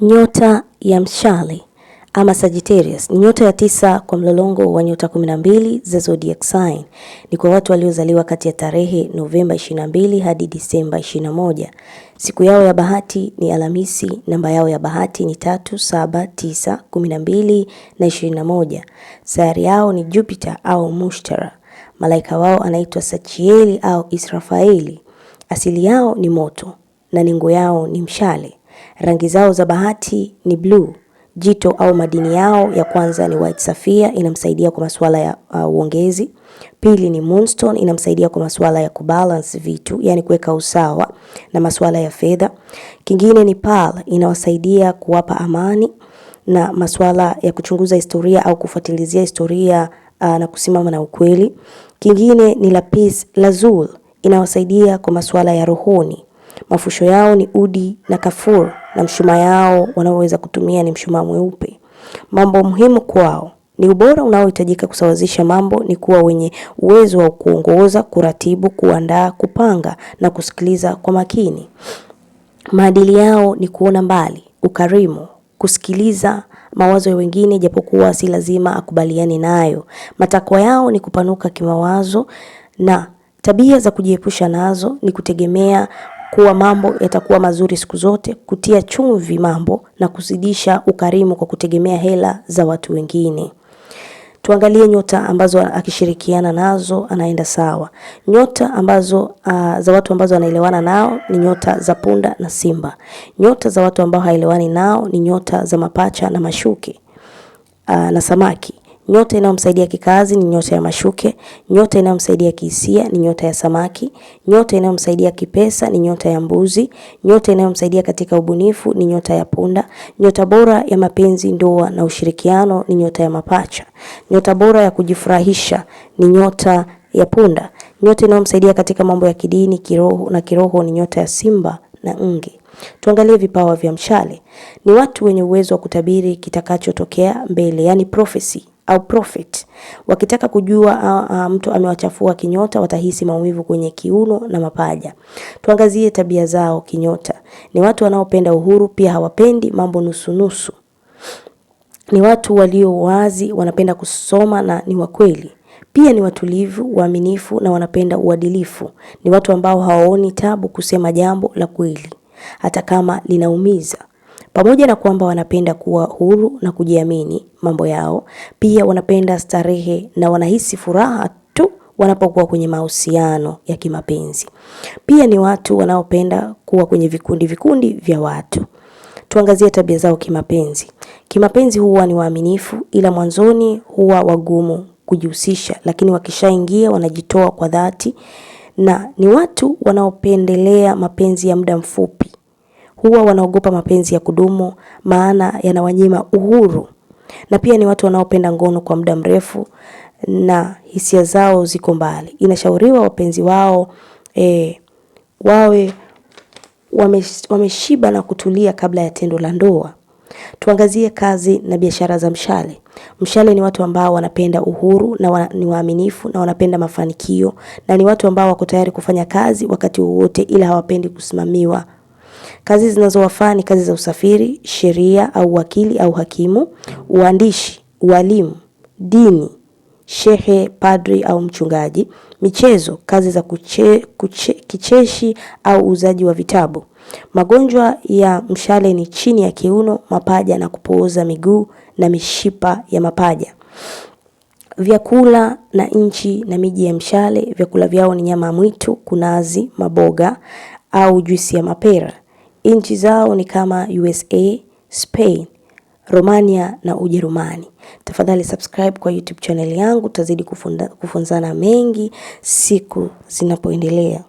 Nyota ya mshale ama Sagittarius ni nyota ya tisa kwa mlolongo wa nyota 12 za zodiac sign. Ni kwa watu waliozaliwa kati ya tarehe Novemba 22 hadi Disemba 21. Siku yao ya bahati ni Alhamisi. Namba yao ya bahati ni tatu, saba, tisa, kumi na mbili na ishirini na moja. Sayari yao ni Jupiter au Mushtara. Malaika wao anaitwa Sachieli au Israfaeli. Asili yao ni moto na ningo yao ni mshale. Rangi zao za bahati ni bluu. Jito au madini yao ya kwanza ni white sapphire, inamsaidia kwa masuala ya uh, uongezi. Pili ni moonstone, inamsaidia kwa masuala ya kubalance vitu, yani kuweka usawa na masuala ya fedha. Kingine ni pearl, inawasaidia kuwapa amani na masuala ya kuchunguza historia au kufuatilizia historia uh, na kusimama na ukweli. Kingine ni lapis lazuli, inawasaidia kwa masuala ya rohoni Mafusho yao ni udi na kafur na mshumaa yao wanaoweza kutumia ni mshumaa mweupe. Mambo muhimu kwao ni ubora unaohitajika kusawazisha mambo ni kuwa wenye uwezo wa kuongoza, kuratibu, kuandaa, kupanga na kusikiliza kwa makini. Maadili yao ni kuona mbali, ukarimu, kusikiliza mawazo ya wengine japokuwa si lazima akubaliane nayo. Matakwa yao ni kupanuka kimawazo na tabia za kujiepusha nazo ni kutegemea kuwa mambo yatakuwa mazuri siku zote, kutia chumvi mambo na kuzidisha ukarimu kwa kutegemea hela za watu wengine. Tuangalie nyota ambazo akishirikiana nazo anaenda sawa. Nyota ambazo uh, za watu ambazo anaelewana nao ni nyota za punda na simba. Nyota za watu ambao haelewani nao ni nyota za mapacha na mashuke uh, na samaki. Nyota inayomsaidia kikazi ni nyota ya mashuke. Nyota inayomsaidia kihisia ni nyota ya samaki. Nyota inayomsaidia kipesa ni nyota ya mbuzi. Nyota inayomsaidia katika ubunifu ni nyota ya punda. Nyota bora ya mapenzi, ndoa na ushirikiano ni nyota ya mapacha. Nyota bora ya kujifurahisha ni nyota ya punda. Nyota inayomsaidia katika mambo ya kidini, kiroho na kiroho ni nyota ya simba na nge. Tuangalie vipawa vya mshale. Ni watu wenye uwezo wa kutabiri kitakachotokea mbele, yani prophecy au prophet wakitaka kujua uh, uh, mtu amewachafua kinyota, watahisi maumivu kwenye kiuno na mapaja. Tuangazie tabia zao kinyota. Ni watu wanaopenda uhuru, pia hawapendi mambo nusunusu. Ni watu walio wazi, wanapenda kusoma na ni wakweli. Pia ni watulivu, waaminifu na wanapenda uadilifu. Ni watu ambao hawaoni tabu kusema jambo la kweli hata kama linaumiza. Pamoja na kwamba wanapenda kuwa huru na kujiamini mambo yao, pia wanapenda starehe na wanahisi furaha tu wanapokuwa kwenye mahusiano ya kimapenzi. Pia ni watu wanaopenda kuwa kwenye vikundi vikundi vya watu. Tuangazie tabia zao kimapenzi. Kimapenzi huwa ni waaminifu, ila mwanzoni huwa wagumu kujihusisha, lakini wakishaingia wanajitoa kwa dhati na ni watu wanaopendelea mapenzi ya muda mfupi huwa wanaogopa mapenzi ya kudumu, maana yanawanyima uhuru, na pia ni watu wanaopenda ngono kwa muda mrefu na hisia zao ziko mbali. Inashauriwa wapenzi wao e, wawe wameshiba na kutulia kabla ya tendo la ndoa. Tuangazie kazi na biashara za mshale. Mshale ni watu ambao wanapenda uhuru na wa, ni waaminifu na wanapenda mafanikio na ni watu ambao wako tayari kufanya kazi wakati wowote ila hawapendi kusimamiwa. Kazi zinazowafaa ni kazi za usafiri, sheria au wakili au hakimu, uandishi, ualimu, dini, shehe, padri au mchungaji, michezo, kazi za kuche, kuche, kicheshi au uuzaji wa vitabu. Magonjwa ya mshale ni chini ya kiuno, mapaja na kupooza miguu na mishipa ya mapaja. Vyakula na nchi na miji ya mshale, vyakula vyao ni nyama mwitu, kunazi, maboga au juisi ya mapera. Nchi zao ni kama USA, Spain, Romania na Ujerumani. Tafadhali subscribe kwa YouTube channel yangu, kufunda, kufunzana mengi siku zinapoendelea.